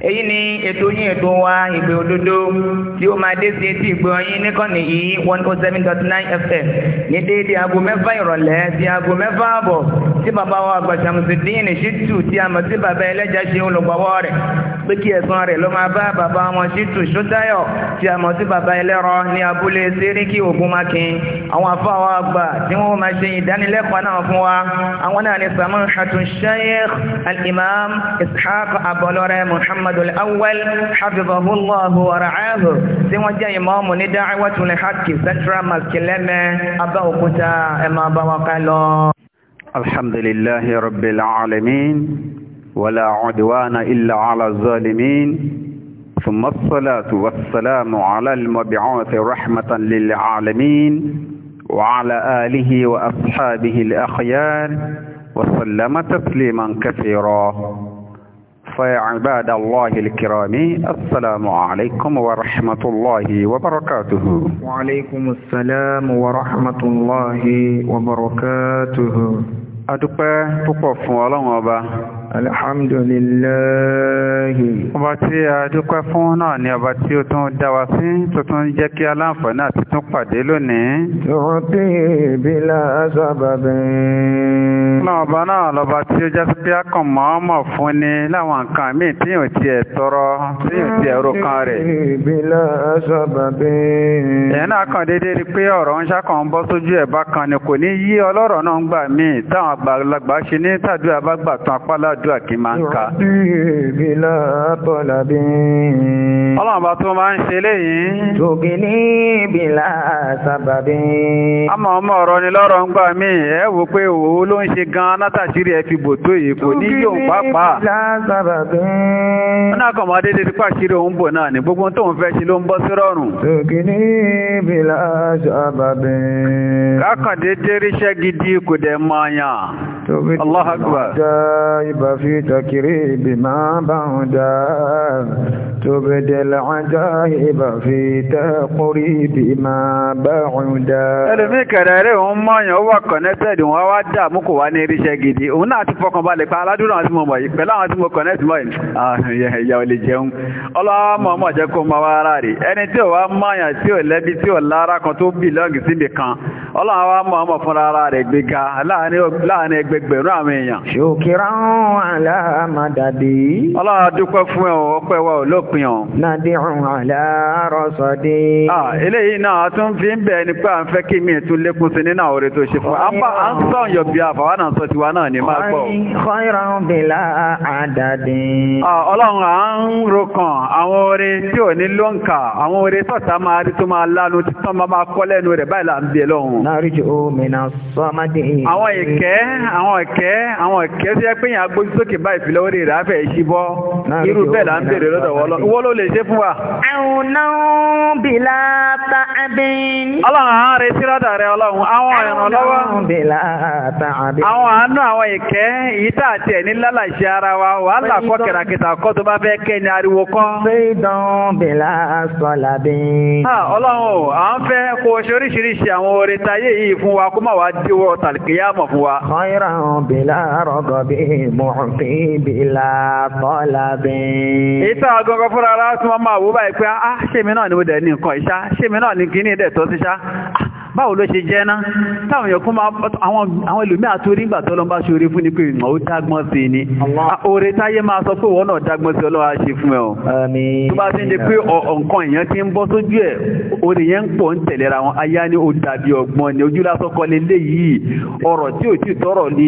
èyí ni ètò yín ètò wa ìgbé òdodo tí ó máa dé sí etí ìgbé ọyìn níkànnì yìí one oh seven dot nine fm ní déédéé aago mẹ́fà ìrọ̀lẹ́ sí aago mẹ́fà àbọ̀ tí bàbá wa Ṣàmùsídíìnì Ṣítù tí a mọ̀ sí bàbá ẹlẹ́jà ṣe olùgbọ́wọ́ rẹ̀ pé kí ẹ̀sán rẹ̀ ló máa bá bàbá wọn Ṣítù Ṣótáyọ̀ tí a mọ̀ sí bàbá ẹlẹ́rọ ní abúlé Séríkì Ògúnmákin àwọn afáwọn àgbà tí wọ́n máa ṣe ìdánilẹ́kọ̀ọ́ náà fún wa àwọn náà ni Samahatu Sheikh Al-Imam Ishaq Abọlọ́rẹ́ Muhammad محمد الأول حفظه الله ورعاه سوى جاي مامو ندعوة لحق سترى ما كلمة أبو كتا إما الحمد لله رب العالمين ولا عدوان إلا على الظالمين ثم الصلاة والسلام على المبعوث رحمة للعالمين وعلى آله وأصحابه الأخيار وسلم تسليما كثيرا فيا عباد الله الكرام السلام عليكم ورحمة الله وبركاته وعليكم السلام ورحمة الله وبركاته adúpẹ́ púpọ̀ fún ọlọ́run ọba alhamdulillahi ọba tí a dúpẹ́ fún náà ni ọba tí ó tún dá wa sí tó tún jẹ́ kí aláǹfààní àti tún pàdé lónìí tòótí ìbílá sábàbẹ̀ ọlọ́ọ̀bá náà lọ́ba tí ó jásí pé akọ̀ mọ́ọ́mọ̀ fún ni láwọn nǹkan míì tí yóò ti ẹ̀ tọrọ tí yóò ti ẹ̀rọ kan rẹ̀ ìbílá sábàbẹ̀ ẹ̀yìn náà kàn déédéé rí pé ọ̀rọ̀ ń ṣàkàn bọ́ sójú ẹ̀ bákan ni kò ní yí ọlọ́rọ̀ náà ń gbà míì táwọn àgbàlagbà ṣe ní tàdúrà bá gbà tán apáládùá kì máa ń ka. ọlọ́run bá tó máa ń ṣe léyìí. tògì ní bìlà sábàbí. àmọ́ ọmọ ọ̀rọ̀ ni lọ́rọ̀ ń gbà mí ẹ wò pé òwò ló ń ṣe gan-an látàṣírí ẹ fi bò tó yìí kò ní yóò pàápàá. tògì ní bìlà sábàbí. wọn náà kàn ti pàṣírí òun bò náà ní gbogbo tóun fẹ́ ṣe ló ń bọ́ gidi kò dẹ̀ Allah تبت الله أكبر العجائب في تكريب ما بعدا تبت العجائب في تقريب ما بعدا ẹlòmí kẹrẹ rẹ òun mọyàn ó wà connected wọn wá dà mú kò wá ní iríṣẹ́ gidi òun náà ti fọkàn balẹ̀ pa aládùúrà àwọn tí mo mọ̀ yìí pẹ̀lú àwọn tí mo connect mọ̀ yìí ìyá ò lè jẹun ọlọ́wọ́ mọ̀ mọ̀ jẹ́ kó mọ wá ara rẹ̀ ẹni tí ò wá mọyàn tí ò lẹ́bi tí ò lára kan tó bìlọ́ọ̀gì síbi kan ọlọ́wọ́ mọ̀ mọ̀ fúnra ara rẹ̀ gbéga láàárín ẹgbẹ́ ẹgbẹgbẹ̀rún àwọn èèyàn. ṣòkìrán aláàmàdàdé. ọlọ́run dúpẹ́ fún ẹ ọpẹ́ wa ò lópin ọ. nàdìrún alárọ̀sọ̀dé. eléyìí náà tún fi ń bẹ̀ ni pé à ń fẹ́ kí mi tún lékún sí nínú àwòrán tó ṣe fún wa. à ń sọ ọ̀yọ̀ bí àfàwọn náà sọ tiwa náà ní máa gbọ́. khairan bila àdàdé. ọlọ́run à ń rokan àwọn oore tí ò ní lóǹkà àwọn oore tọ̀tà máa rí tó máa lánu títàn máa kọ́ lẹ́nu rẹ̀ báyìí là ń bẹ̀ lọ́hùn. náà rí ju omi náà sọ́mádé. àwọn ìkẹ́ àwọn àwọn ọ̀kẹ́ àwọn ọ̀kẹ́ tí ẹ pé agbójú sókè bá ìfìlẹ̀ orí rẹ̀ afẹ́ ìṣí irú bẹ́ẹ̀ là ń bèèrè lọ́dọ̀ wọ́lọ́ wọ́n ló lè ṣe fún wa. ẹ̀hùn náà bìlà ta àbín. ọlọ́run àwọn sí lọ́dọ̀ rẹ ọlọ́run àwọn ìrànlọ́wọ́. àwọn àánú àwọn ìkẹ́ yìí tà ẹ̀ ní lálàṣẹ ara wa wàhálà بلا رغب معطي بلا طلب isa agogo fúra ara tí wọ́n máa wó báyìí pé á ah, ṣèmi náà ni ó dẹ̀ ní nǹkan ìṣá ṣèmi náà ni kí ìdẹ̀ tó ti ṣá ah, báwo ló ṣe jẹ́ náà táwọn èèyàn kún máa àwọn ìlúmíà tó rí ìgbà tọ́lọ́mbá ṣe orí fún ní pé ìmọ̀ ó dágbọ́n sí ni ah, oore táyé máa sọ pé wọ́n náà dágbọ́n sí ọlọ́wà ṣe fún ẹ̀ o tó bá ti ń jẹ pé ọ̀nkan èèyàn ti ń bọ́ sójú ẹ̀ oore yẹn ń pọ̀ ń tẹ̀lera wọn aya ni ó dàbí ọgbọ́n ni ojú lé léyìí ọ̀rọ̀ tí ò tí tọ́rọ̀ ní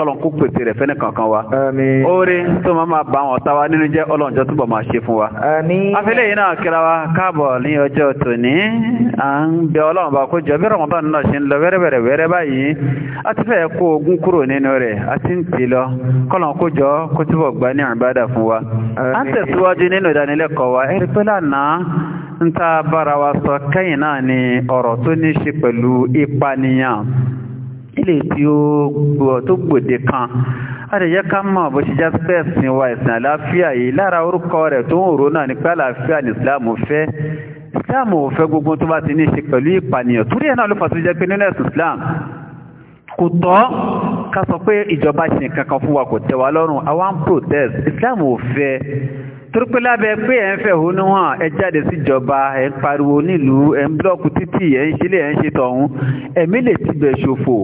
kọ́lọ̀ kó pèsè rẹ̀ fẹ́ni kankan wa. àmín. oore tó máa máa bá àwọn ọ̀tá wa nínú jẹ́ ọlọ́njọ́ túbọ̀ máa ṣe fún wa. àmín. afẹ́lẹ́ yìí náà kíra wa káàbọ̀ ní ọjọ́ tòní à ń bẹ ọlọ́run bá kó jọ bí rọ̀mọ́tàn náà ṣe ń lọ wẹ́rẹ́wẹ́rẹ́ wẹ́rẹ́ báyìí a ti fẹ́ kó ogún kúrò nínú rẹ̀ a ti ń tì lọ kọ́lọ̀ kó jọ kó túbọ̀ gbà ní àbádà fún wa. àmín. à ń tẹ̀síwájú nínú ìdánilẹ́kọ̀ọ́ wa ẹ̀rí pé lánàá ta bára wa sọ kẹ́yìn náà ni ọ̀rọ̀ tó ní ṣe pẹ̀lú ìpànìyàn ilé tí ó gbọ́ tó gbòde kan àdìyẹ ká mọ̀ bó ṣe jẹ́ spẹ́ẹ̀sì wa ìsìn àláfíà yìí lára orúkọ rẹ̀ tó ń rò náà ní pé àláfíà ní ìsìláàmù fẹ́ ìsìláàmù ò fẹ́ gbogbo tó bá ti ní ṣe pẹ̀lú ìpànìyàn torí ẹ̀ náà ló fà tó jẹ́ pé nínú ẹ̀sìn Islam kò tọ́ ká sọ pé ìjọba ṣe nǹkan kan fún wa kò tẹ́ wa lọ́rùn àwa protest Islam ò fẹ́ torípélá bẹ pé ẹ̀ ń fẹ̀hónú hàn ẹ jáde síjọba ẹ̀ ń pariwo nílùú ẹ̀ ń blọ́ọ̀kù títì ẹ̀ ń ṣílẹ̀ ẹ̀ ń ṣe tọ̀hún ẹ̀mí lè tibẹ̀ ṣòfò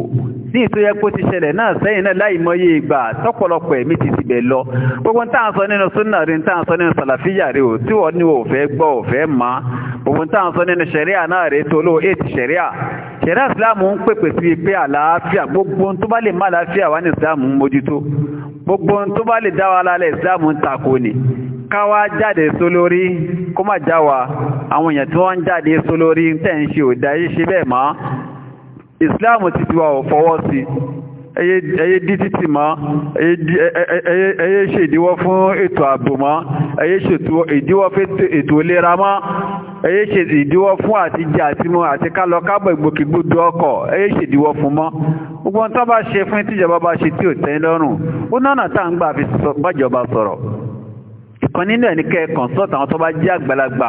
ní ìtòyẹ pé ó ti ṣẹlẹ̀ náà sẹ́yìn náà láì mọye ìgbà tọ́pọ̀lọpọ̀ ẹ̀mí ti tibẹ̀ lọ gbogbo ń tàn sọ nínú súnà rí ń tàn sọ nínú sàlàfíyà rí o tí wọ́n ní o fẹ́ gbọ́ o fẹ́ mọ̀ gbogbo ń tàn sọ nínú ṣẹ̀ríà náà rí tó ló ètì ṣẹ̀ríà ṣẹ̀ríà ìsìláàmù ń pèpè sí pé àlàáfíà gbogbo tó bá lè àlàáfíà wà ní ìsìláàmù ń mójútó gbogbo tó bá dá wa lálẹ́ ìsìláàmù ń takò ni káwá jáde sólórí kó má jáwa àwọn èèyàn tí wọ́n jáde sólórí tẹ́ ń ṣe òdá ṣe bẹ́ẹ̀ mọ́ ti tiwa ò fọwọ́ sí ẹyẹ dí títì ẹyẹ ṣe ìdíwọ́ fún ètò ààbò mọ́ ẹyẹ ṣe ìdíwọ́ fún ètò ìlera mọ́ ẹyẹ ṣe ìdíwọ́ fún àti jẹ àti mu àti kálọ kábọ̀ ìgbòkègbodò ọkọ̀ ẹyẹ ṣe ìdíwọ́ fún gbogbo ohun tó bá ṣe fún tíjọba bá ṣe tí ò tẹ́ lọ́rùn ó náà tá à ń gbà fi ìkan nínú ẹni kẹ́ consult àwọn tó bá jẹ́ àgbàlagbà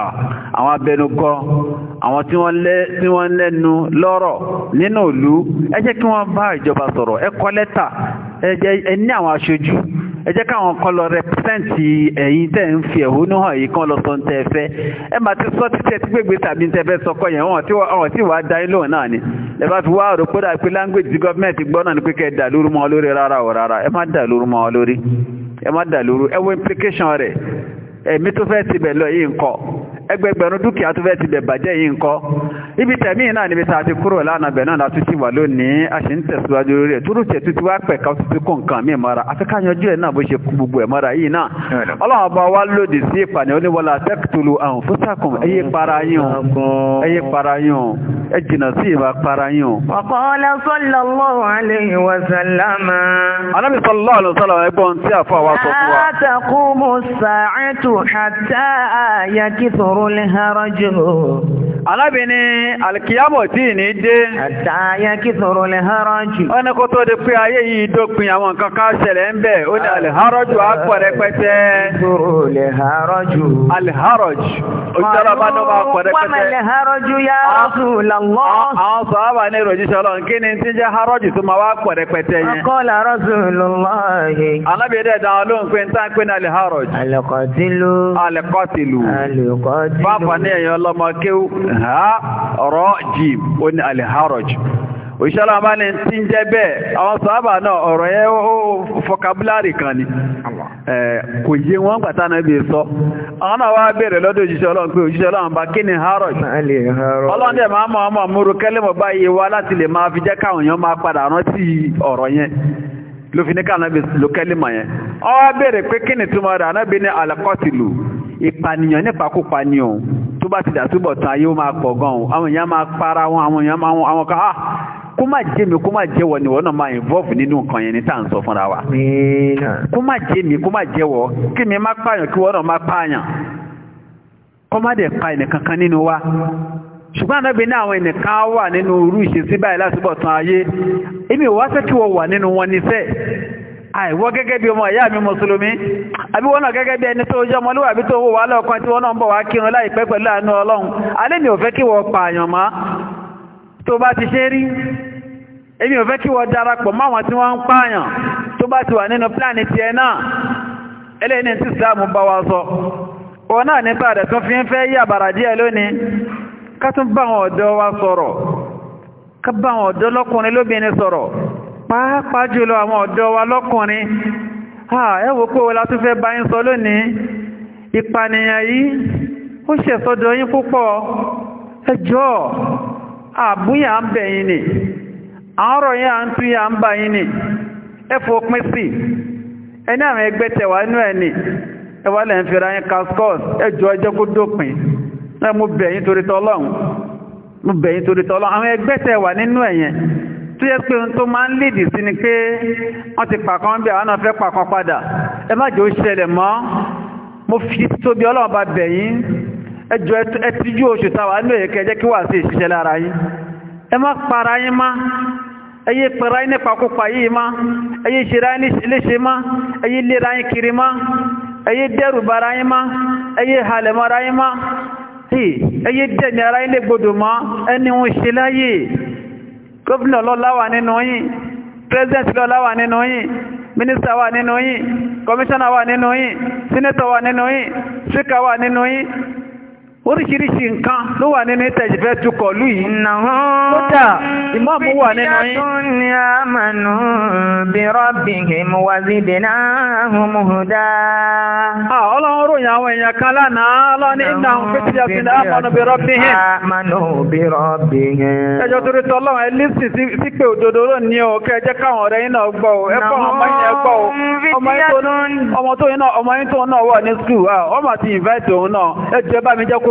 àwọn abẹnugọ àwọn tí wọ́n lẹ́nu lọ́rọ̀ nínú ìlú ẹ jẹ́ kí wọ́n bá ìjọba sọ̀rọ̀ ẹ kọ lẹ́tà ẹ ní àwọn aṣojú ẹ jẹ́ káwọn kan lọ rẹpẹ́sẹ̀ntì ẹ̀yin tẹ́ ń fi ẹ̀hónú hàn yìí kan lọ sọ ń tẹ́ fẹ́ ẹ máa ti sọ títẹ́ tí gbégbé tàbí ń fẹ́ sọkọ yẹn wọ́n tí wàá dá ilé náà ni ẹ bá fi wá àrò kódà pé láńgbèjì gọ́ọ̀mẹ̀ntì gbọ́ náà ni pé kẹ́ ẹ dà lóru lórí rárá o rárá ẹ má dà lóru lórí ẹ má dàlúrú ẹ wo implication rẹ̀ ẹ̀mí tó fẹ́ tibẹ̀ lọ yìí ńkọ́ ẹgbẹgbẹ̀rún dúkìá tó fẹ́ tibẹ̀ bàjẹ́ yìí ńkọ́ ibi tẹ̀mí náà níbi tá a ti kúrò lánàá bẹ̀ náà látúntì wà lónìí a sì ń tẹ̀síwájú lórí ẹ̀ túrú tẹ̀ tútù wá pẹ̀ka tuntun kó nǹkan mi mọ́ra àti káyanjú ẹ̀ náà bó ṣe gbogbo ẹ̀ mọ́ra yìí náà ọlọ́run bá wa lòdì sí ìpànìyàn oníwọlá tẹ́kítùlù àwọn fúnṣàkùn ẹ̀yẹ para yín ẹ̀yẹ para yín ẹ jìnnà sí ìwà para yín. ọ̀kọ́lá sallallahu alábìnrin alkiyamọ̀ tí ní dé. Àtàyà kí sọ̀rọ̀ lè harajù. Ó ní kó tó di pé ayé yìí dópin àwọn nǹkan ká ṣẹlẹ̀ ń bẹ̀. Ó ní alharajù àpọ̀ rẹpẹtẹ. Sọ̀rọ̀ lè harajù. Alharajù. Òṣìṣẹ́lọ́ bá ní máa pọ̀ rẹpẹtẹ. Wọ́n lè harajù yá ah, Rasulullah. Ah, àwọn sọ̀hábà ní ìròjíṣẹ́ Ọlọ́run kí ni tí ń jẹ́ harajù tó máa wá pọ̀ rẹpẹtẹ yẹn. Akọ́lá Rasulullah. ní ẹ̀yàn ọlọ́mọ kéwú. rajib ó ní alharaj òṣìṣẹ́lá máa tí ń jẹ́ bẹ́ẹ̀ àwọn náà ọ̀rọ̀ yẹ ó fọkabúlárì kan ni kò yé wọn na náà bí sọ àwọn náà wá bèèrè lọ́dọ̀ òṣìṣẹ́ ọlọ́run pé òṣìṣẹ́ ọlọ́run bá kí ni harrod ọlọ́run dẹ̀ máa ọmọ báyìí wá láti lè máa fi káwọn máa padà rántí ló fi ní ká ànábì ló kẹ́límà yẹn béèrè pé kí ni túmọ̀ rẹ̀ ànábì ní ìpànìyàn nípakúpa ni tó bá ti túbọ̀ tán ayé ó máa pọ̀ gan-an àwọn èèyàn máa para wọn àwọn èèyàn máa wọn àwọn kan ah kó má jẹ́ mi kó má jẹ́ wa. ṣùgbọ́n ànábì ní àwọn ẹnìkan wà nínú irú ìṣesí báyìí lásìbọ̀ tán ayé èmi ò wá fẹ́ kí wọ́n wà nínú wọn níṣẹ́ àìwọ́ gẹ́gẹ́ bí ọmọ ìyá mi mùsùlùmí àbí wọ́n náà gẹ́gẹ́ bí ẹni tó jẹ́ ọmọlúwàbí tó wà lọ́ọ̀kan tí wọ́n náà ń bọ̀ wá kírun láìpẹ́ pẹ̀lú àánú ọlọ́run alẹ́ mi ò fẹ́ kí wọ́n pààyàn mọ́ tó bá ti ṣe rí èmi tí wọ́n bá ti wà wa sọ òun náà ní fi ń fẹ́ lónìí ká tún bá ọ̀dọ́ wa sọ̀rọ̀ ká bá àwọn ọ̀dọ́ lọ́kùnrin lóbìnrin sọ̀rọ̀ pàápàá jùlọ àwọn ọ̀dọ́ wa lọ́kùnrin ha ẹwọ kó pé wọlá tún fẹ́ bá sọ lónìí ìpànìyàn yìí ó ṣe sọ́dọ̀ yín púpọ̀ ẹjọ́ àbúyà ń bẹ̀ yín ni àárọ̀ yín à ń tún yà ń bá yín ni ẹ fòpin sí ẹni àwọn ẹgbẹ́ tẹ̀wá inú ẹ̀ ni ẹwà lẹ́ ń yín kaskọ́s ẹjọ́ ẹjọ́ kó dópin náà mo bẹ̀yìn torí tọ́lọ́run mo bẹ̀yìn torí tọ́lọ́run àwọn ẹgbẹ́ tẹ wà nínú ẹ̀yẹn tó yẹ pé ohun tó máa ń lèdì sí ni pé wọ́n ti pàkan bí àwọn náà fẹ́ pàkan padà ẹ má jẹ́ ó ṣẹlẹ̀ mọ́ mo fi tóbi ọlọ́run bá bẹ̀yìn ẹjọ́ ẹ tijú oṣù táwa nínú èyí kẹjẹ́ kí wà sí ìṣiṣẹ́ lára yín ẹ má para yín má ẹyẹ pẹ̀ra yín nípa kópa yìí má ẹyẹ ìṣẹ́ra yín léṣe má ẹyẹ lera yín kiri má ẹyẹ dẹ́rù bara yín má ẹyẹ halẹ̀ mọ́ra yín má tí ẹyẹ dẹ̀ ní ara ilé gbọdọ̀ mọ́ ẹni wọn ṣe láyé gómìnà lọ́láwà nínú yìí president lọ́láwà nínú yìí minister wà nínú yìí commissioner wà nínú yìí senator wà nínú yìí speaker wà nínú yìí oríṣiríṣi nǹkan ló wà nínú tẹ̀sífẹ́ tukọ̀ lù yìí. ìnáwó kódà ìmọ̀ọ́mù wà nínú yín. fìdíyàtún ni a mànú bí rabbihim wa zidnahum huda. ọlọ́run ròyìn àwọn èèyàn kan lánàá ọlọ́ni ìnáwó fìdíyàtún ni a bí ẹjọ́ torí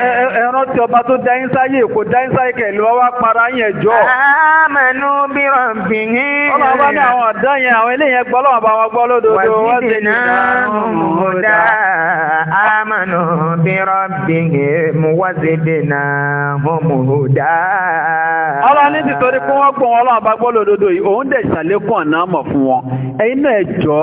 ẹran tí ọba tó dá yín sáyé kò dá yín sáyé kẹ̀lú ọwá para yín ẹ̀jọ́. àmàlù bí rọ̀bì ní. ọlọ́run bá ní àwọn ọ̀dọ́ yẹn àwọn eléyẹn gbọ́ lọ́wọ́ bá wọn gbọ́ lódodo wọ́n ti nà mú dá bí mú mú dá. ọlọ́run ní tìtorí bá gbọ́ lódodo yìí òun dẹ̀ ṣàlékún ọ̀nà mọ̀ fún wọn ẹ̀yin náà ẹ̀jọ́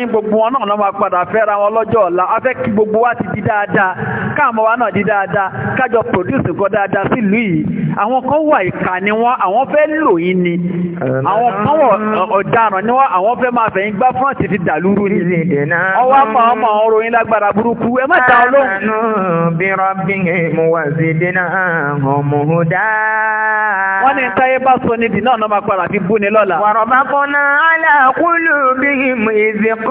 yín gbogbo wọn náà lọ́mọ padà fẹ́ra wọn lọ́jọ́ ọ̀la a fẹ́ kí gbogbo wa ti di dáadáa káàmọ́ wa náà di dáadáa kájọ produce nǹkan dáadáa sílùú yìí àwọn kan wà ìkà ni wọ́n àwọn fẹ́ lò yín ni àwọn kan wọ̀ ọ̀daràn ni wọ́n àwọn fẹ́ máa fẹ̀yìn gbá fúrọ̀tì fi dàlúrú ni ọwọ́ àpá ọmọ àwọn oròyìn lágbára burúkú ẹ má ta ọlọ́run. wọ́n ní táyé bá sọ nídìí náà náà máa padà fi bú ni lọ́la. wàrọ̀ bá kọ́ná aláàkúlù bíi ìzẹ̀kọ́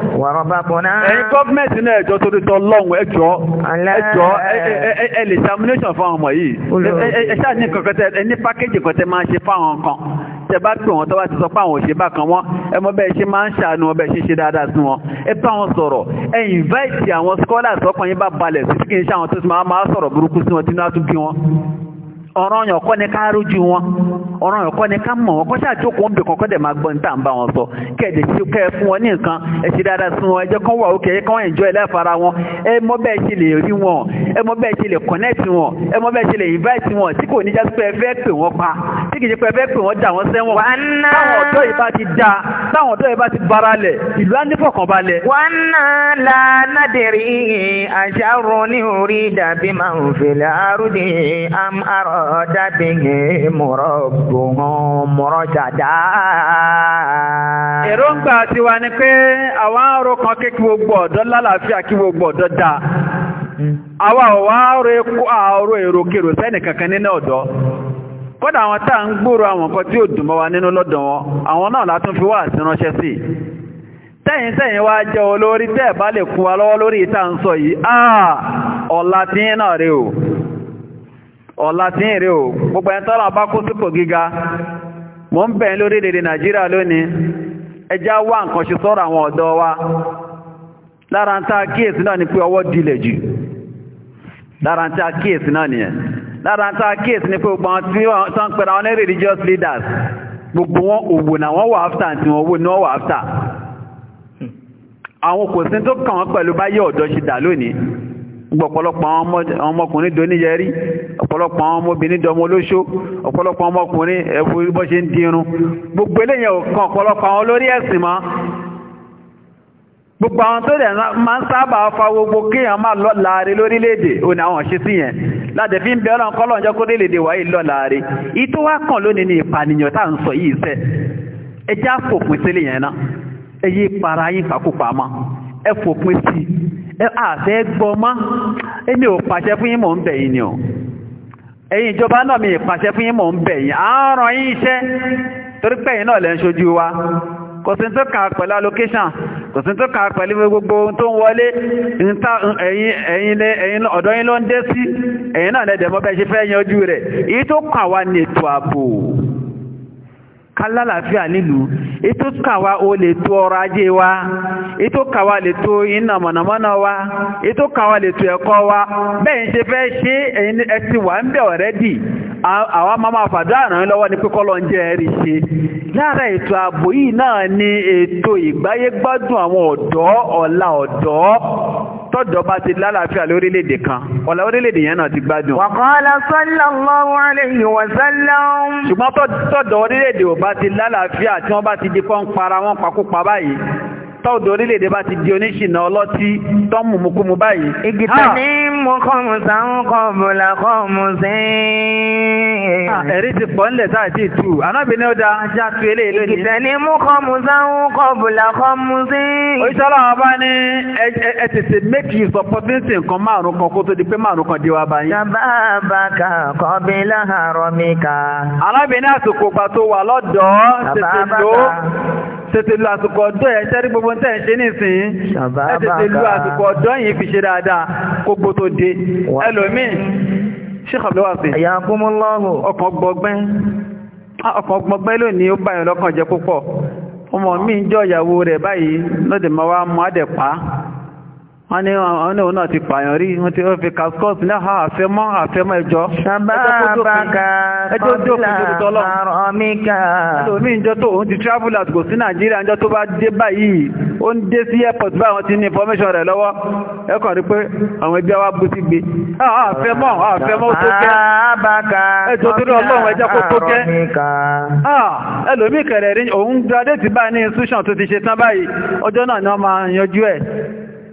ẹ̀yin gọ́ọ̀mẹ̀ntì náà ẹjọ́ tó tọ́ lọ́wọ́ ẹjọ́ ẹjọ́ ẹ lè examination fún ọmọ yìí ẹ ṣáà ní kankan tẹ ẹ ní pákéjì kan máa ń ṣe fáwọn kan tẹ bá pè wọn tó bá ti sọ pé àwọn òṣè bá kan wọn ẹ bẹ́ẹ̀ ṣe máa ń ṣàánú wọn ṣe ṣe dáadáa sí wọn ẹ bá wọn sọ̀rọ̀ ẹ invite àwọn scholars ọkàn yín bá balẹ̀ sí kí n ṣe àwọn tó ti máa sọ̀rọ̀ burúkú sí wọn tí náà tún bí wọn ọ̀ràn yàn kọ́ ni ká rójú wọn ọ̀ràn yàn kọ́ ni ká mọ̀ wọn kọ́ ṣàjókòó ń bè kọ́kọ́ dẹ̀ máa gbọ́ ní tà wọn sọ kẹ́ẹ̀dẹ̀ sí kẹ́ fún wọn ní nǹkan ẹ dáadáa sí wọn ẹ jẹ́ wà òkè ẹ kán ẹ̀jọ́ ẹ láfara wọn ẹ mọ bẹ́ẹ̀ ṣe lè rí wọn ẹ mọ bẹ́ẹ̀ ṣe lè connect wọn ẹ mọ bẹ́ẹ̀ ṣe lè invite wọn tí kò ní jásí pé أراد èròǹgbà tiwa ni pé àwọn kan kí gbogbo ọ̀dọ́ lálàáfíà kí gbogbo ọ̀dọ́ hmm. kankan nínú ọ̀dọ́ àwọn tá ń gbòòrò àwọn tí wọn àwọn náà látún fi wá àsìránṣẹ́ sí tẹ́yìn tẹ́yìn wá jẹ́ olórí tẹ́ẹ̀ bá lè wa lọ́wọ́ lórí ìta ń sọ yìí ọ̀la tí náà o. ọ̀la tí ń o gbogbo ẹni tọ́lá kó sípò gíga mo ń èdè nàìjíríà lónìí ẹjá wà nǹkan ṣe sọ́rọ̀ àwọn ọ̀dọ́ wa lára ń tá kíyèsí náà ni pé ọwọ́ dilẹ̀ jù lára ń tá kíyèsí náà nìyẹn lára ń tá kíyèsí gbogbo àwọn tí wọ́n pẹ̀lú tó ọ̀pọ̀lọpọ̀ àwọn ọmọbìnrin dọmọ olóṣó ọ̀pọ̀lọpọ̀ ọmọkùnrin ẹ̀fù bọ́ ṣe ń dínrún gbogbo eléyàn kan ọ̀pọ̀lọpọ̀ àwọn olórí ẹ̀sìn ma gbogbo àwọn tó dẹ̀ máa ń sábà fa gbogbo kéèyàn lọ lórílẹ̀-èdè ò ní àwọn yẹn láti fi ń bẹ ọ̀nà kọ́lọ̀ ọjọ́ lọ ìtò wá kàn lónìí ní ìpànìyàn tá sọ yìí sẹ́ ẹ já fòpin yẹn náà ẹ yí para yín ẹ fòpin sí ẹ àfẹ́ gbọ́ mọ́ ò ẹ̀yin ìjọba náà mi ìpàṣẹ fún yín mò ń bẹ̀ yín àárọ̀ yín iṣẹ́ torí pé náà lẹ́ ń ṣojú wa kò sí tó kàn pẹ̀lú allocation kò sí tó kàn pẹ̀lú gbogbo tó ń wọlé ẹ̀yin ọ̀dọ́ yín ló ń dé sí ẹ̀yin náà lẹ́dẹ̀mọ́ bẹ́ẹ̀ ṣe fẹ́ yanjú rẹ̀ èyí tó kàn wá ní ètò ààbò kálálàáfíà nílùú ètò kàwa o lè tó ọrọ̀ ajé wa ètò kàwa lè tó iná mọ̀nàmọ́ná wa ètò kàwa lè tó ẹ̀kọ́ wa bẹ́ẹ̀ ń ṣe fẹ́ ṣe ẹ̀yin ẹtì wà ń bẹ̀ ọ̀rẹ́ dì àwa máa máa fàdúrà ràn lọ́wọ́ ní pípọ́ lọ ń jẹ́ ẹ̀rí ṣe lára ètò ààbò náà ni ètò ìgbáyégbádùn àwọn ọ̀dọ́ ọ̀la ọ̀dọ́ tọ́jọba ti lálàáfíà lórílẹ̀-èdè kan ọ̀la orílẹ̀-èdè yẹn náà ti gbádùn. wa qala sallallahu alayhi wa sallam. ṣùgbọ́n tọ́jọ orílẹ̀-èdè ò bá ti lálàáfíà tí wọ́n bá ti di pọ́ńpara wọn pakópa báyìí tọ́ọ̀dù orílẹ̀-èdè bá ti di oníṣìnà ọlọ́tí tọ́mù mukumu báyìí. ìgìtà ní mo kọ́mù sáwọn kọ́mù là kọ́mù sí. ẹ̀rí ti pọ̀ ńlẹ̀ tá àti ìtù anábì ní ó da ajá tu eléyìí lónìí. ìgìtà ní mo kọ́mù sáwọn kọ́mù là kọ́mù sí. oṣù ọlọ́wọ́ bá ní ẹ tètè make use of potency nǹkan márùn kan kó tó di pé márùn kan di wa bá yín. sábàbàkà kọ́bí láhàrọ̀ mi kà. anábì ní àsìkò gbà tó wà lọ́dọ̀ọ́ tètè lò ó tètè lu àsìkò ọ̀dọ́ ẹ̀ jẹ́rí gbogbo tẹ́ ṣe nísìnyí ẹ tètè lu àsìkò ọ̀dọ́ yìí fi ṣe dáadáa kó gbó dé ẹlòmíì Sheikh Abdul Wasiu ẹ̀yà akúmọ́lọ́hù ọkọ̀ gbọgbẹ́ ọkọ̀ gbọgbẹ́ lónìí ó báyàn lọ́kàn jẹ́ púpọ̀ ọmọ mi ń jọ ìyàwó rẹ̀ báyìí lọ́dẹ̀ máa wá mú àdẹ̀pá wọ́n ní òun náà ti pààyàn rí wọ́n ti fi kaskos ní travel out kò sí nàìjíríà ìjọ tó bá dé báyìí ó ti ní information rẹ̀ lọ́wọ́ ẹ kàn rí pé àwọn ẹbí wa bú sí gbé àfẹ́mọ́ àfẹ́mọ́ ó tó kẹ́ ẹjọ́ tó rí ọlọ́run ẹjọ́ kó tó kẹ́ ẹlòmí kẹrẹ̀ rí òun graduate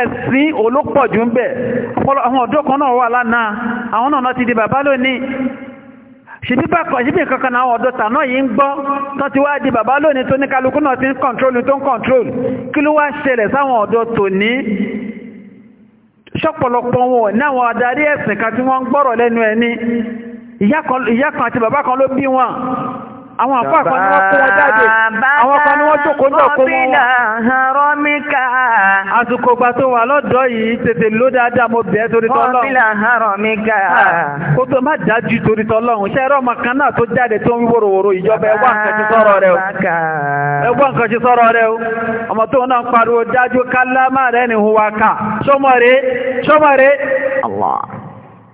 ẹ̀sìn olópọ̀jù ń bẹ̀ àwọn ọ̀dọ́ kan náà wà lánàá àwọn náà ti di bàbá lónìí ṣìbí bákan ṣìbí kankan náà ọ̀dọ́ tàná yìí ń gbọ́ tán ti wá di bàbá lónìí tó ní kálukú náà ti ń kọ̀ntrólù tó ń kọ̀ntrólù kí ló wá ṣẹlẹ̀ sáwọn ọ̀dọ́ tòní ṣọ́pọ̀lọpọ̀ wọn ní àwọn adarí ẹ̀sìn kan tí wọ́n ń gbọ́rọ̀ lẹ́nu ẹni ìyá kan àti bàbá kan ló bí wọn àwọn àpá kan ni wọ́n kó wọn jáde àwọn kan ni wọ́n jókòó náà kó wọn wọn. àsìkò ìgbà tó wà lọ́dọ̀ yìí tètè ló dáadáa mo bẹ̀ẹ́ torí tọ́lọ́run. wọ́n fi làhárọ̀ ah, tó má dájú torí tọ́lọ́run ẹ̀rọ ọmọ náà tó jáde tó ń wòròwòrò ìjọba ẹwà nǹkan ti sọ̀rọ̀ rẹ ọmọ tó náà pariwo dájú kálámà rẹ ni huwa ká sọmọ rẹ sọmọ rẹ. Allah.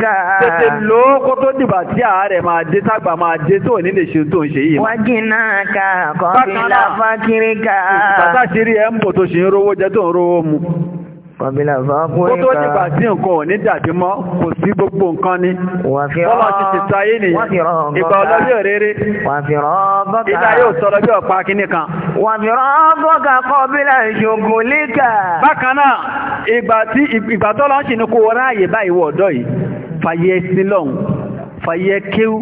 ká. tó dìbà tí àárẹ̀ ma dé tagba ma dé tó ní ṣe tó ń ṣe yìí. wájìnà ká kọ́bílà fákiri ká. bàtà ṣeré tó ṣe ń jẹ tó ń rówó mu. kọ́bílà tó dìbà tí nǹkan ò ní dàbí mọ́ kò sí gbogbo nǹkan kan. bọ́kà ìṣògùn líkà. bákan náà ìgbà tí ìgbà fàyẹ sílọ̀n fàyẹ kéwú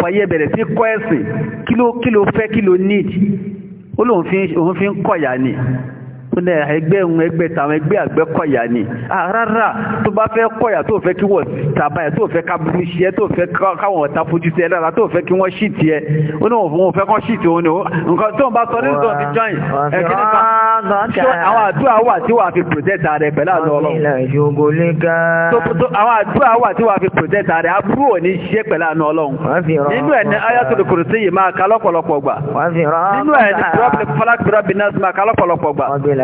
fàyẹ bẹ̀rẹ̀ sí kọ́ ẹ̀sìn kí ló fẹ́ kí ló níìdì ó lóun fi ń kọ̀yà ni fúnẹ̀ ẹgbẹ́ ń ẹgbẹ́ tàwọn ẹgbẹ́ àgbẹ́ kọ̀yà ni rárá tó bá fẹ́ kọ̀yà tó fẹ́ kí wọ́n tàbá ẹ̀ tó fẹ́ kábúrú ṣe tó fẹ́ káwọn ọ̀tá fojú sí ẹ tó fẹ́ kí wọ́n ṣì tì ó ní òun fẹ́ kán ṣì tì òun ni ó nǹkan tó ń bá sọ nínú ti jọyìn ẹ̀kíní kan àwọn àdúrà wà tí wàá fi protect rẹ pẹ̀lú àwọn ọlọ́run nínú ẹ̀ ní ayatul kursi máa ka lọ́pọ̀lọpọ̀ gbà nínú ẹ̀ ní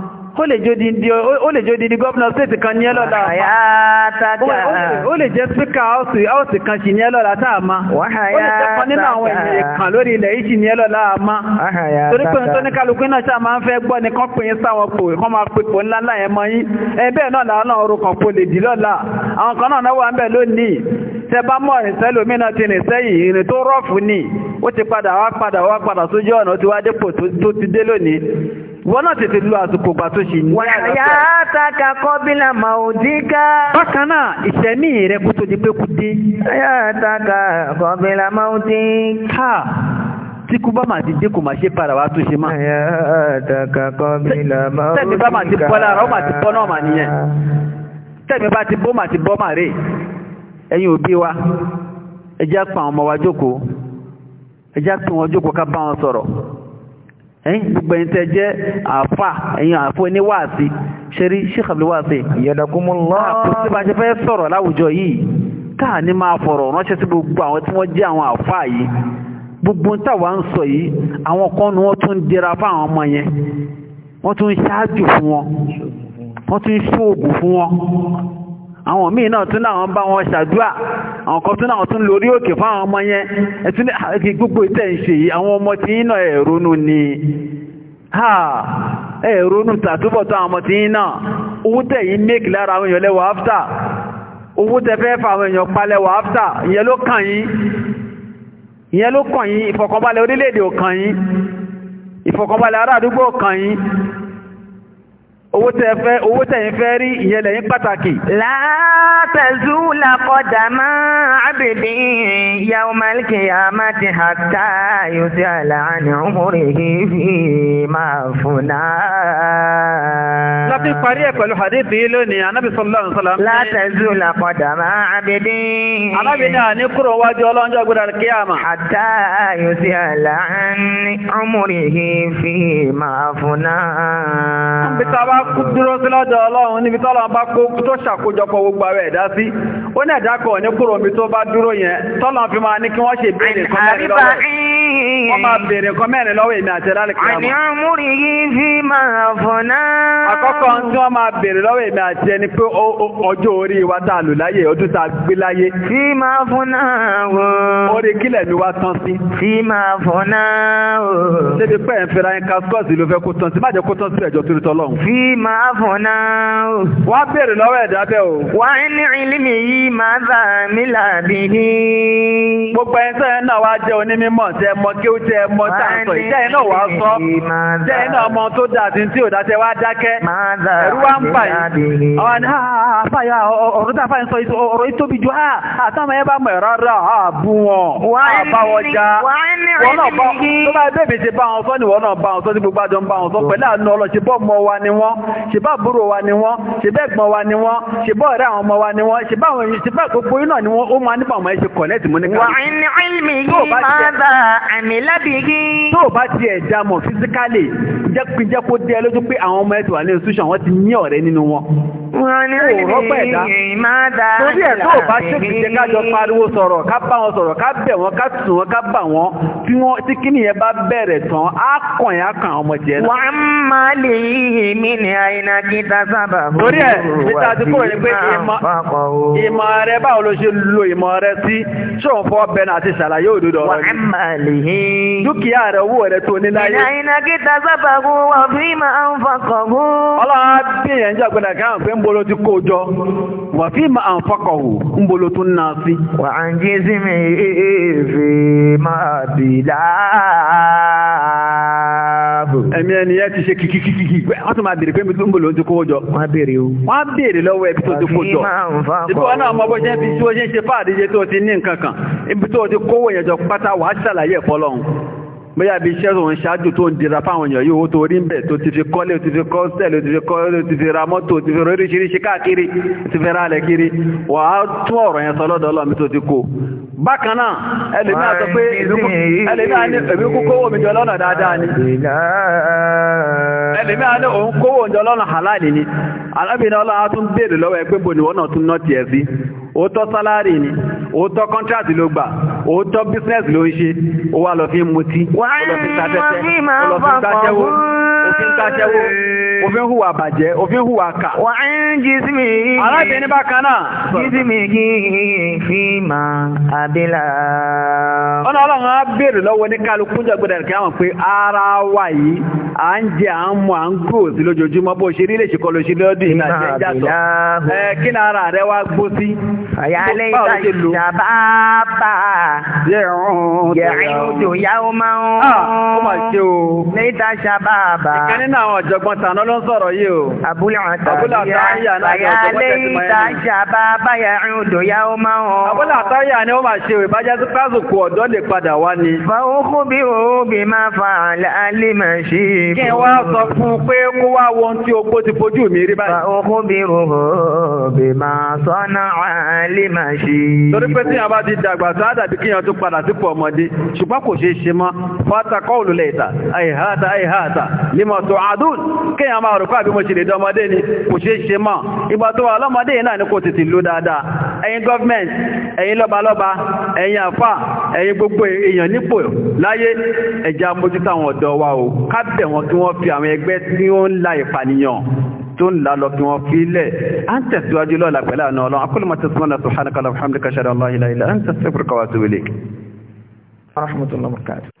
ó lè jó díndí ó lè jó díndí gómìnà state kan ní ẹlọ́la ó lè jẹ́ spíkà ọ́ọ̀sì kan sí ní ẹlọ́la tá a ma ó lè jẹ́ kan nínú àwọn ènìyàn kan lórí ilẹ̀ yìí sí ní ẹlọ́la a ma torí pé nítorí kálukú náà ṣáà máa ń fẹ́ gbọ́ ni kán pè é sáwọn pò kán máa pè pò ńlá ńlá yẹn mọ́ yín ẹ bẹ́ẹ̀ náà làwọn náà orò kan pò lè dì ti rìn sẹ́yìn ìrìn tó rọ̀fù ni ó ti padà wá padà wá padà sójú ọ̀nà ó wá dépò tó ti dé lónìí wọ́n náà tètè lu àsìkò ìgbà tó ṣe ní. wàyà àtàkà kọ́bílà máa ò dín ká. bákan náà ìṣẹ̀mí rẹ kó tó di pé kú dé. wàyà àtàkà kọ́bílà máa ò dín ká tí kú bá máa ti dé kò máa ṣe padà wá tún ṣe máa. àyà àtàkà kọ́bílà máa ò dín ká. tẹ́mi bá ti bọ́ lára ó máa ti bọ́ náà mà nìyẹn. tẹ́mi ti bọ́ máa ti bọ́ màrè ẹ̀yin òbí wa ẹ jẹ́ pa àwọn ọmọ wa jókòó ẹ jẹ́ pa wọn jókòó ẹ̀yìn gbogbo ẹ̀yìn tẹ́ jẹ́ àfà ẹ̀yìn àfò ní wáàsí ṣeré ṣíkàbílì wáàsí ìyẹ̀dàkúnmọ́lá kò sí bá ṣe fẹ́ sọ̀rọ̀ láwùjọ yìí káà ní máa fọ̀rọ̀ ránṣẹ́ sí gbogbo àwọn tí wọ́n jẹ́ àwọn àfà yìí gbogbo táwa ń sọ yìí àwọn kan ni wọ́n tún dira fáwọn ọmọ yẹn wọ́n tún ṣáájú fún wọn wọ́n tún ṣóògùn fún wọn àwọn míì náà tún náà wọ́n bá wọn ṣàdúrà àwọn kan tún àwọn tún lórí òkè fún àwọn ọmọ yẹn ẹtún ní gbogbo ìtẹ̀ ń ṣe yìí àwọn ọmọ tí yín náà ẹ̀ ni ẹ̀ ronú tàtúbọ̀tán àwọn ọmọ tí yín náà owó tẹ̀ yi méèkì lára àwọn èèyàn lẹ́wọ̀ owó owó tẹ fẹ́ owó tẹ̀yìn fẹ́ rí ìyẹn lẹ́yìn pàtàkì. látẹ̀zú làkọ̀dà máa abidi yawmal qiyamati hatta yus'ala an umrihi fima afna. láti parí ẹ̀ pẹ̀lú hadithi lónìí anábì sallallahu alaihi wasallam. la tazula qadama abidi. anábì náà ní kúrò wájú ọlọ́njọ́ gbọdọ̀ kíyàmà. hatta yus'ala an umrihi fima afna. níbi tá a bá dúró sí lọ́dọ̀ ọlọ́run níbi tọ́lọ́ bá kó tó ṣàkójọpọ̀ gbogbo ara ẹ̀dá sí ó ní ẹ̀dá kan ní kúrò omi tó bá wá dúró yẹn tọ́lọ̀ fi máa ní kí wọ́n ṣe béèrè nǹkan mẹ́rin lọ́wọ́ wọ́n àti ẹ̀dá lẹ́kọ̀ọ́ àkọ́kọ́ tí wọ́n máa béèrè lọ́wọ́ èmi àti ẹni pé ọjọ́ orí wa tá a láyé ọdún tá gbé láyé. tí máa fọ̀ náà orí kílẹ̀ mi wá tán sí. tí máa fọ̀ náà o. ṣébi pẹ́ ń fẹ́ra yín kaskọ́ọ̀sì ló fẹ́ kó tán sí má jẹ́ kó tán sí ẹ̀jọ̀ torítọ́ lọ́hùn. tí máa fọ̀ náà wọ́n á bihi. Gbogbo ẹni náà wá jẹ́ onímọ̀ tẹ́ mọ kí ó jẹ́ mọ tàǹtọ̀. Ìjẹ́yìn náà wá sọ. Jẹ́yìn náà mọ tó dà sí tí ò dáṣẹ́ wá dákẹ́. Ẹ̀rú wá ń bà yìí. ni àfàyà ọ̀rọ̀ tá a fàyà sọ ọ̀rọ̀ yìí tóbi ju Àtàwọn ẹ bá mọ̀ rárá àbú wọn. Àbáwọjà. Wọ́n náà bá tó bá bèbè ṣe bá wọn sọ ni wọ́n náà bá wọn sọ ní gbogbo àjọ bá wọn sọ pẹ̀lú àánú ọlọ́ ṣe bọ́ ọmọ wa ni wọ́n ṣe bá àbúrò wa ni wọ́n ṣe bẹ́ẹ̀ gbọ́n wa ni wọ́n ṣe bọ́ ọ̀rẹ́ àwọn ọmọ wa ni wọ́n ṣe bá àwọn èèyàn ṣe bá gbogbo iná ni wọ́n ó máa nípa ọmọ ẹ ṣe kọ̀lẹ́tì mú ní káàdì. wà ní ilmi yìí máa bá àmì lábìgí. tó o bá tiẹ̀ dá mọ̀ fisikálì jẹ́ kó dé lójú pé àwọn ọmọ ẹ ti wà ní institution wọ́n ti ní ọ̀rẹ́ nínú wọn. wà ní ilmi yìí máa bá àmì lábìgí. torí ẹ̀ tó o bá ṣèkì jẹ́ ká jọ pariwo sọ̀rọ̀ ká bá wọn sọ̀rọ̀ ká bẹ̀ wọn ká tù wọn ká bà wọn tí kíni yẹn bá bẹ̀rẹ̀ tán á kàn yẹn á kàn ọmọ jẹ́ náà. wà á máa lè yí ní àyínà kí tásábà bó rí ẹ̀ níta ti kúrò ní pé ìmọ̀ rẹ báwo ló ṣe lo ìmọ̀ rẹ sí ṣóun fọ́ bẹ́ẹ̀ àti ṣàlàyé òdodo ọ̀rọ̀ ni. wàá máa lè he. dúkìá rẹ owó rẹ tó ní láyé. ìyá iná kí tásábà kú wà fí máa ń fọkàn kú. ọlọ́run bí èèyàn jẹ́ àgbẹ̀dà kan pé ń bolo ti kó jọ wà fí máa ń fọkàn kú ń bolo tún ná sí. wà á ń jí sí mi èèfé máa bì láàbù. ẹ̀mí ẹni yẹn ti ṣe kìkìkìkì wọ́n tún máa bèèrè pé mítúmbò ló ń ti kówó jọ. wọ́n bèèrè o. wọ́n bèèrè lọ́wọ́ ẹbí tó ti kó jọ. ibi wọn náà mọ bó ṣe ń tí ó ṣe ń ṣe fáàdíje tó ti ní nǹkan kan ibi tó ti kówó yẹn jọ pátá wàá ṣàlàyé ẹ̀fọ́ bóyá bí iṣẹ́ tó ń ṣáájú tó ń dira fáwọn èèyàn yóò tó rí ń bẹ̀ tó ti fi kọ́lé tó ti fi kọ́ sẹ́lẹ̀ tó ti fi kọ́lé tó ti fi ra mọ́tò tó ti fi oríṣiríṣi káàkiri tó ti fi ra alẹ̀ kiri wà á tún ọ̀rọ̀ yẹn sọ lọ́dọ̀ ọlọ́mi tó ti kó bákan náà ẹlẹ́mí àtọ́ pé ẹlẹ́mí kókó omi jọ lọ́nà dáadáa ni ẹlẹ́mí àná òun kówó oúnjẹ lọ́nà halal ni alábìnrin ọlọ́run á tún béèrè lọ́wọ́ ẹgbẹ́ bò ní wọ́n náà tún nọ́ọ̀tì ẹ̀ òótọ́ sálárì ni òótọ́ kọ́ntrátì ló gbà òótọ́ bísínẹ́sì ló ń ṣe ó wá lọ fi mutí ó lọ fi sáfẹ́fẹ́ ó lọ fi sáfẹ́wó òfin taṣẹ́wó òfin hùwà bàjẹ́ òfin hùwà kà. wà á ń jísìmì. arábìnrin bákan náà. jísìmì kì í fi mà abílà. ọ̀nà ọlọ́run á béèrè lọ́wọ́ ní kálukú jọ̀gbọ́dọ̀ kí wọ́n pé ara wa yìí à ń jẹ à ń à ẹ ẹ kí ni ara rẹ wá gbó sí. yẹ̀rùn tó ó ah, Ìkan nínú àwọn ọ̀jọ̀gbọ́n tàná ló ń sọ̀rọ̀ yìí o. Àbúlà àtàríyà báyà lẹ́yìn ìtajà bá báyà rìn odò yá ó máa hàn. Àbúlà àtàríyà ni ó máa ṣe ìwé bájá sí pásùkù ọ̀dọ́ lè padà wá ni. Fáwọn kú bí òbí máa fa àlẹ́ máa ṣe é. Kí a bá mọ̀ tó àdún kí a máa rùpá bí mo ṣe lè dọmọdé ni kò ṣe ṣe mọ̀ ìgbà tó wà lọ́mọdé náà ní kò tètè ló dáadáa ẹ̀yin government ẹ̀yin lọ́balọ́ba ẹ̀yin àfà ẹ̀yin gbogbo èèyàn nípò o ká bẹ̀ wọn kí wọ́n fi àwọn ẹgbẹ́ tí ó ń la ìpànìyàn tó ń la lọ kí wọ́n fi lẹ̀ à ń tẹ̀síwájú lọ́la pẹ̀lú àna ọlọ́run akọ́lùmọ̀ tẹ̀síwájú subhanaka allahumma hamdika shada allah ilaha illa anta astaghfiruka wa atubu ilayk rahmatullahi wa barakatuh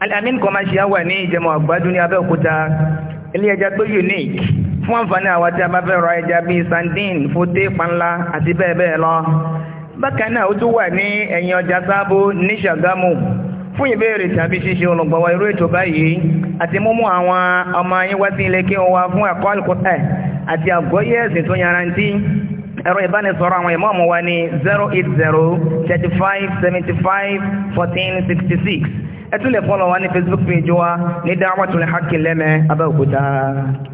alamin commercial wà ní ìjẹmọ̀ àgbàdún ní abẹ́òkúta ilé ẹja tó unique fún àǹfààní àwọn tí a bá fẹ́ ra ẹja bíi sandin fòté panla àti bẹ́ẹ̀ bẹ́ẹ̀ lọ bákan náà ó tún wà ní ẹ̀yìn ọjà sábó ní ṣàgámù fún ìbéèrè tàbí ṣíṣe olùgbọ̀wọ́ irú ètò báyìí àti múmú àwọn ọmọ yín sí ilé kí wọ́n wá fún ẹ̀kọ́ àti àgbọ́yé ẹ̀sìn tó yarantí ẹ̀rọ ìbánisọ̀rọ̀ àwọn ìmọ̀ọ̀mù wa ní 1466. ẹ tún lè fọ́lọ̀ wa ní Facebook page wa ní Da'watul Haqqi lẹ́mẹ̀ẹ́ Abẹ́òkúta